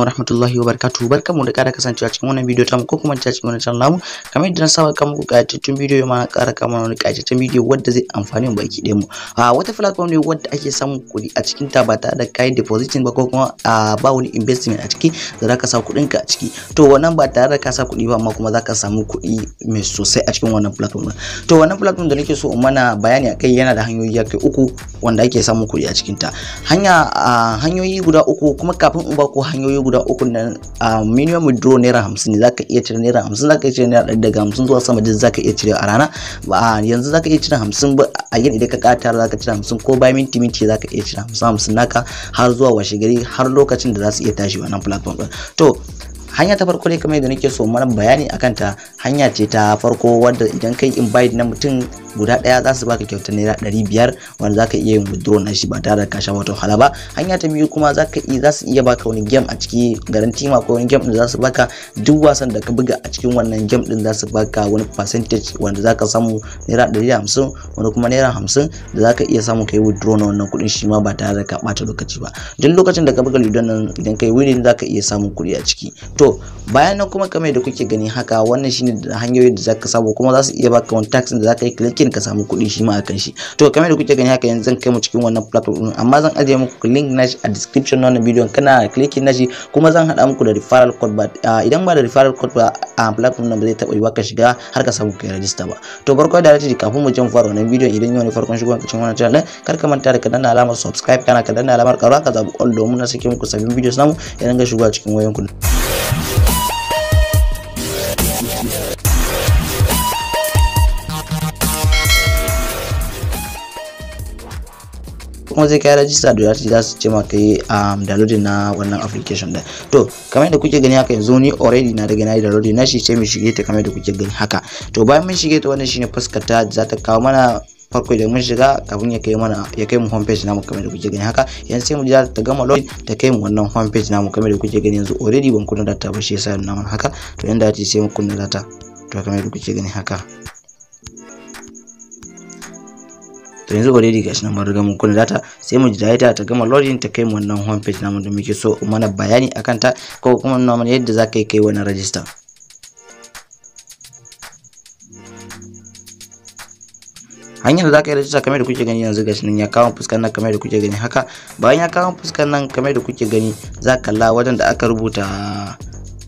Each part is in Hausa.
alaikum warahmatullahi wabarakatuh barkamu da kada kasancewa cikin wannan bidiyo tamu ko kuma cikin wannan channel namu kamar yadda na saba kan muku cikin bidiyo ma kara kama wani kayatattun bidiyo wanda zai amfani mu baki ɗaya mu a wata platform ne wanda ake samun kuɗi a cikin ta ba tare da kayan depositing ba ko kuma a ba wani investment a ciki da zaka sa kuɗin ka a ciki to wannan ba tare da ka sa kuɗi ba amma kuma zaka samu kuɗi mai sosai a cikin wannan platform to wannan platform da nake so in mana bayani akai yana da hanyoyi yake uku wanda ake samun kuɗi a cikin ta hanya hanyoyi guda uku kuma kafin in ba ku hanyoyi guda uku nan a minimum withdraw naira hamsin ne zaka iya cire naira hamsin zaka iya cire naira ɗari daga hamsin zuwa sama duk zaka iya cire a rana ba yanzu zaka iya cire hamsin ba a yin idan ka ƙara zaka cire hamsin ko bayan minti minti zaka iya cire hamsin hamsin naka har zuwa washe gari har lokacin da za su iya tashi wannan platform ɗin to hanya ta farko dai kamar yadda nake so mana bayani akan ta hanya ce ta farko wanda idan kai invite na mutum guda daya za su baka kyautar naira ɗari biyar wanda zaka iya yin withdraw na shi ba tare da ka sha wata wahala ba hanya ta biyu kuma ka iya za su iya baka wani game a ciki garanti ma ko wani game din za su baka duk wasan da ka buga a cikin wannan game din za su baka wani percentage wanda zaka samu naira ɗari da hamsin wani kuma naira hamsin da zaka iya samu kai withdraw na wannan kuɗin shi ma ba tare da ka ɓata lokaci ba duk lokacin da ka buga lidon nan idan kai winning zaka iya samun kuɗi a ciki to bayan nan kuma kamar da kuke gani haka wannan shine da hanyoyin da zaka samu kuma za su iya baka wani tax da zaka yi clicking ka samu kuɗi shi ma akan shi to kamar da kuke gani haka yanzu zan kai mu cikin wannan platform din amma zan ajiye muku link nashi a description na wannan bidiyon kana clicking nashi kuma zan hada muku da referral code ba idan ba da referral code ba a platform nan ba zai taba yi ka shiga har ka samu kai register ba to barko da rashi kafin mu je mu fara wannan bidiyon idan yau ne farkon shigo cikin wannan channel kar ka manta da ka danna alamar subscribe kana ka danna alamar karo ka zabi all domin na sake muku sabbin videos namu idan ga shigo cikin wayoyinku kuma zai kai rajista da za su ce ma kai um, downloading na wannan application din to kamar yadda kuke gani haka yanzu ni already na daga na yi downloading na shi sai mu shige ta kamar yadda kuke gani haka to bayan mun shige ta wannan shine fuskar ta za ta kawo mana farko idan mun shiga kafin ya kai mana ya kai mu page namu kamar da kuke gani haka yanzu sai mu ji ta gama login ta kai mu wannan page namu kamar da kuke gani yanzu already ban kunna data ba shi yasa nuna mana haka to yanda ta sai mu kunna data to kamar da kuke gani haka to yanzu already gashi nan mun riga mun kunna data sai mu jira ita ta gama lodin ta kai mu wannan home page namu da muke so mana bayani akan ta ko kuma nuna mana yadda za ka yi kai wannan register hanyar da za ka yi rajista kamar da kuke gani yanzu gashi nan ya kawo fuskar nan kamar da kuke gani haka bayan ya kawo fuskar nan kamar da kuke gani za ka la wajen da aka rubuta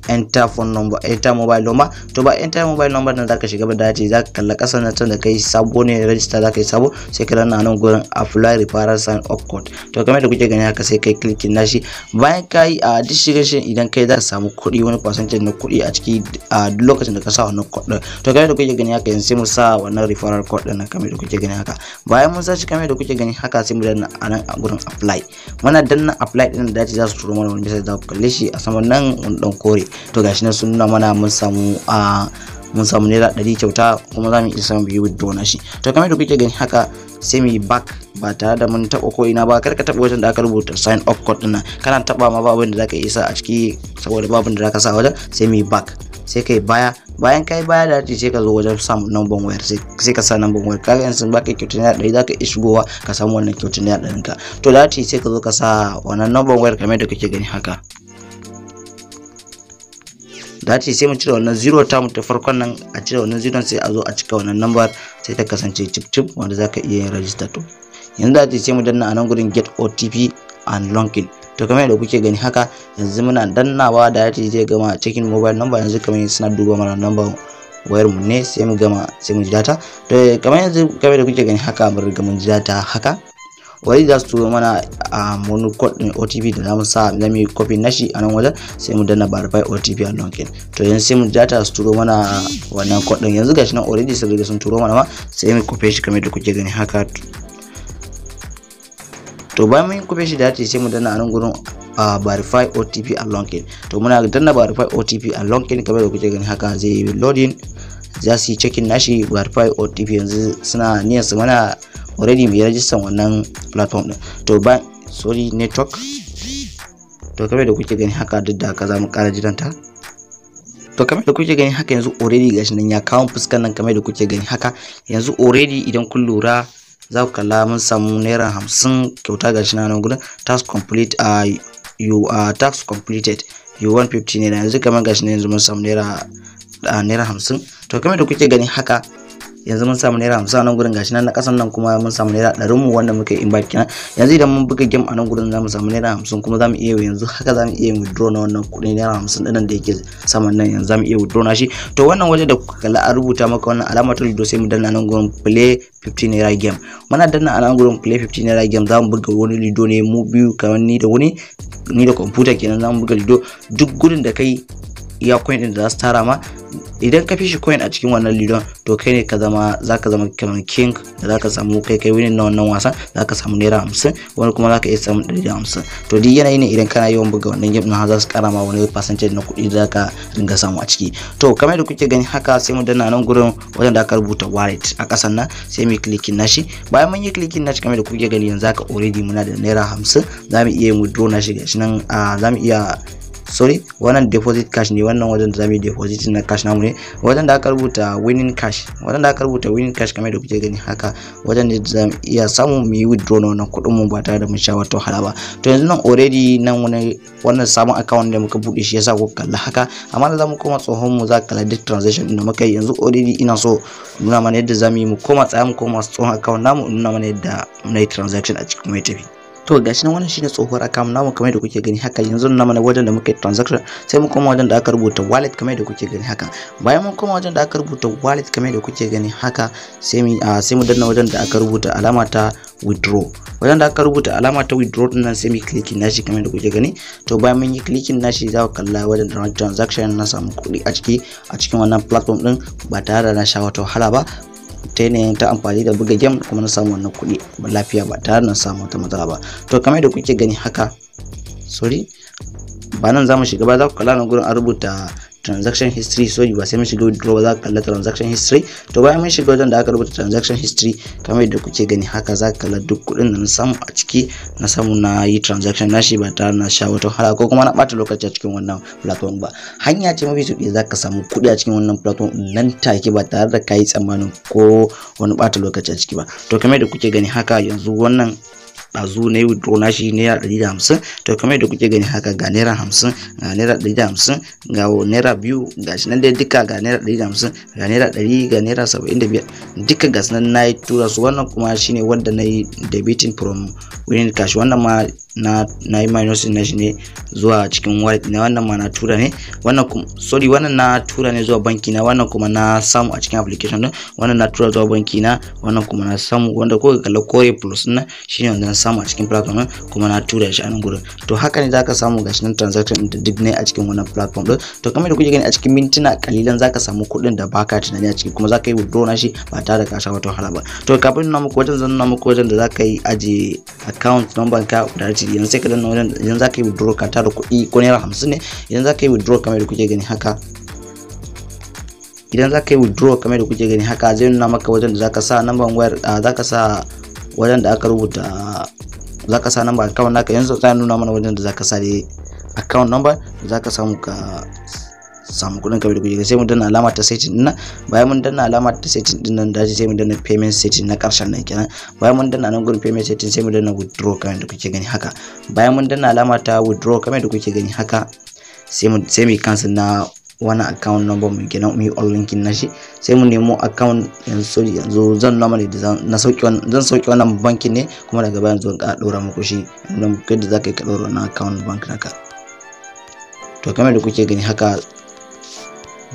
enter phone number enter mobile number to ba enter mobile number na zaka shiga ba dace zaka kalla kasar nan da kai sabo ne register zaka yi sabo sai ka danna nan gurin apply referral sign up code to kamar da kuke gani haka sai kai na nashi bayan kai a ah, distribution idan kai za ka samu kuɗi wani percentage na kuɗi a ciki a ah, duk lokacin da ka sa wannan code to kamar da kuke gani haka yanzu sai mu sa wannan referral code din nan kamar da kuke gani haka bayan mun sa shi kamar da kuke gani haka sai mu danna a nan a gurin apply muna danna apply din da dace za su turo mana wani message za ku kalle shi a saman nan wani dan kore to gashi nan sun nuna mana mun samu a mun samu naira ɗari kyauta kuma za mu iya samun biyu da na shi to kamar da kuke gani haka sai mu yi back ba tare da mun taɓa ko ina ba kar ka taɓa wajen da aka rubuta sign up code ɗin nan kana taɓa ma babu da zaka isa a ciki saboda babu da zaka sa wajen sai mu yi back sai kai baya bayan kai baya da ce sai ka zo wajen samun number wayar sai ka sa number wayar kaga yanzu ba ka kyautar naira ɗari zaka iya shigowa ka samu wannan kyautar naira ɗarin ka to da sai ka zo ka sa wannan number wayar kamar da kake gani haka da ce sai mu cire wannan zero ta mu ta farkon nan a cire wannan zero sai a zo a cika wannan number sai ta kasance chip chip wanda zaka iya yin register to yanzu da ce sai mu danna a nan gurin get OTP and login to kamar yadda kuke gani haka yanzu muna dannawa da yace zai gama cikin mobile number yanzu kamar suna duba mana number wayar mu ne sai mu gama sai mu ji data to kamar yanzu kamar yadda kuke gani haka mun riga mun ji data haka wani za su turo mana a wani code din otp da zamu sa zamu yi copy nashi a nan wajen sai mu danna verify otp a login to yanzu sai mu data su turo mana wannan code din yanzu gashi nan already sun riga sun turo mana ma sai mu copy shi kamar da kuke gani haka to bayan mun kufe shi da ta sai mu danna a nan gurin a verify otp a login to muna danna verify otp a login kamar da kuke gani haka zai yi loading za su yi checking nashi verify otp yanzu suna niyan su mana already mai rajistan wannan platform din to ba sorry network to kamar da kuke gani haka duk da haka za mu kara jiranta to kamar da kuke gani haka yanzu already gashi nan ya kawo fuskan nan kamar da kuke gani haka yanzu already idan kun lura za ku kalla mun samu naira hamsin kyauta gashi nan gudan task complete a you are tax completed you 150 naira yanzu kamar gashi nan yanzu mun samu naira naira hamsin to kamar da kuke gani haka yanzu mun samu naira hamsin a nan gurin gashi nan na kasan nan kuma mun samu naira ɗarin mu wanda muka in baki kenan yanzu idan mun buga game a nan gurin zamu samu naira hamsin kuma zamu iya yanzu haka zamu iya withdraw na wannan kuɗi naira hamsin ɗin da yake saman nan yanzu zamu iya withdraw na shi to wannan waje da kuka kalla an rubuta maka wannan alamatar lido sai mu danna nan gurin play 15 naira game muna danna a nan gurin play 15 naira game zamu buga wani lido ne mu biyu kamar ni da wani ni da kwamfuta kenan zamu buga lido duk gurin da kai iya coin din da za su tara ma idan ka fishi coin a cikin wannan lidon to kai ne ka zama za ka zama kamar king da za ka samu kai kai winning na wannan wasan za ka samu naira hamsin wani kuma za ka iya samun ɗari da hamsin to duk yanayi ne idan kana yawan buga wannan game na za su kara ma wani percentage na kuɗi da za ka dinga samu a ciki to kamar da kuke gani haka sai mu danna nan gurin wajen da aka rubuta wallet a kasan nan sai mu clicking nashi bayan mun yi clicking nashi kamar da kuke gani yanzu haka already muna da naira hamsin za mu iya mu drone nashi gashi nan za mu iya sorry wannan deposit cash ne wannan wajen da zamu yi deposit na cash namu ne wajen da aka rubuta winning cash wajen da aka rubuta winning cash kamar da kuke gani haka wajen da zamu iya samu mu yi withdraw na wannan kuɗin mu ba tare da mun sha wata wahala ba to yanzu nan already nan wani wannan samun account da muka bude shi yasa kuka kalla haka amma da zamu koma tsohon mu za ka kalla duk transaction din da muka yi yanzu already ina so nuna mana yadda zamu yi mu koma tsaya mu koma tsohon account namu nuna mana yadda na yi transaction a cikin mai tafi to gashi nan wannan shine tsohuwar account namu kamar da kuke gani haka yanzu na mana wajen da muke transaction sai mun koma wajen da aka rubuta wallet kamar da kuke gani haka bayan mun koma wajen da aka rubuta wallet kamar da kuke gani haka sai mu ah, sai mu danna wajen da aka rubuta alama ta withdraw wajen da aka rubuta alama ta withdraw din nan sai mu clicking nashi kamar da kuke gani to bayan mun yi clicking nashi za ku kalla wajen da transaction na samu kuɗi a ciki a cikin wannan platform din ba tare da na sha wata wahala ba ta yanayin ta amfani da buga game kuma na samu wannan kuɗi ba lafiya ba tare na samu wata matsala ba to kamar da kuke gani haka sorry ba nan za mu shiga ba za ku kala na gurin an rubuta transaction history so ba sai mun shiga withdraw za ka kalla transaction history to bayan mun shiga wajen da aka rubuta transaction history kamar yadda kuke gani haka za ka kalla duk kuɗin da na samu a ciki na samu na yi transaction na shi ba tare na sha wata wahala ko kuma na ɓata lokaci a cikin wannan platform ba hanya ce mafi sauƙi za ka samu kuɗi a cikin wannan platform nan take ba tare da ka yi tsammanin ko wani ɓata lokaci a ciki ba to kamar yadda kuke gani haka yanzu wannan ɗazu na yi withdraw na shi naira ɗari da hamsin to kamar yadda kuke gani haka ga naira hamsin ga naira ɗari da hamsin ga naira biyu ga shi nan dai duka ga naira ɗari da hamsin ga naira ɗari ga naira saba'in da biyar duka ga nan na yi tura su wannan kuma shine wanda na yi debiting from winning cash wannan ma na na yi minus na shi ne zuwa cikin wallet na wannan ma na tura ne wannan kuma sorry wannan na tura ne zuwa banki na wannan kuma na samu a cikin application din wannan na tura zuwa banki na wannan kuma na samu wanda ko kalla kore plus na shine wanda na samu a cikin platform din kuma na tura shi a nan gurin to haka ne zaka samu gashi nan transaction din duk ne a cikin wannan platform din to kamar da kuke gani a cikin mintuna kalilan zaka samu kuɗin da baka tunani a ciki kuma zaka yi withdraw na shi ba tare da ka sha wata wahala ba to kafin na muku wajen zan na muku wajen da zaka yi aje account number ka da kati yanzu sai ka danna wajen idan za ka yi withdraw ka tara kuɗi ko naira hamsin ne idan za ka yi withdraw kamar da kuke gani haka idan za ka yi withdraw kamar da kuke gani haka zai nuna maka wajen da za ka sa number wire ah, za ka sa wajen da aka rubuta za ka sa number account naka yanzu zai nuna mana wajen da za ka sa dai account number da za ka samu ka samu kuɗin ka da sai mu danna alama ta setting din nan bayan mun danna alama ta setting din nan dace sai mu danna payment setting na karshen nan kenan bayan mun danna nan gurin payment setting sai mu danna withdraw kamar da kuke gani haka bayan mun danna alama ta withdraw kamar da kuke gani haka sai mu sai mu cancel na wani account number mu kenan mu yi all linkin na shi sai mu nemo account yanzu sai yanzu zan normally da na sauki wannan zan sauki wannan bankin ne kuma daga bayan zan ka dora muku shi don yadda zaka yi ka dora wannan account bank naka to kamar da kuke gani haka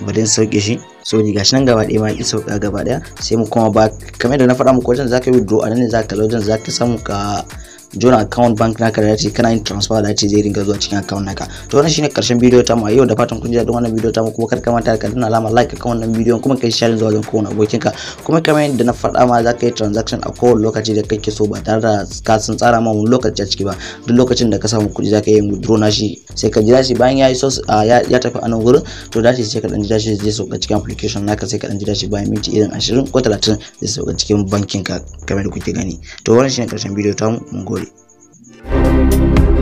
bari in sauke shi so ni gashi nan gaba ɗaya ma ki sauka gaba ɗaya sai mu koma ba kamar da na faɗa muku wajen zaka yi withdraw a nan ne zaka kalli zaka samu ka jona account bank naka da ce kana yin transfer da ce zai ringa zuwa cikin account naka to wannan shine karshen bidiyo ta mu a yau da fatan kun ji daɗin wannan bidiyo ta mu kuma kar ka manta ka danna alamar like kan wannan bidiyon kuma kai share zuwa ga kowane abokin ka kuma kamar yadda na faɗa ma za ka yi transaction a kowane lokaci da kake so ba tare da ka sun tsara ma wani lokaci a ciki ba duk lokacin da ka samu kuɗi za ka yi withdraw na shi sai ka jira shi bayan ya ah, yi ya tafi a nan gurin to dashi sai ka dan jira shi zai sauka cikin application naka sai ka dan jira shi bayan minti irin 20 ko 30 zai sauka cikin bankin ka kamar da kuke gani to wannan shine karshen bidiyo ta mu mun gode Thank you.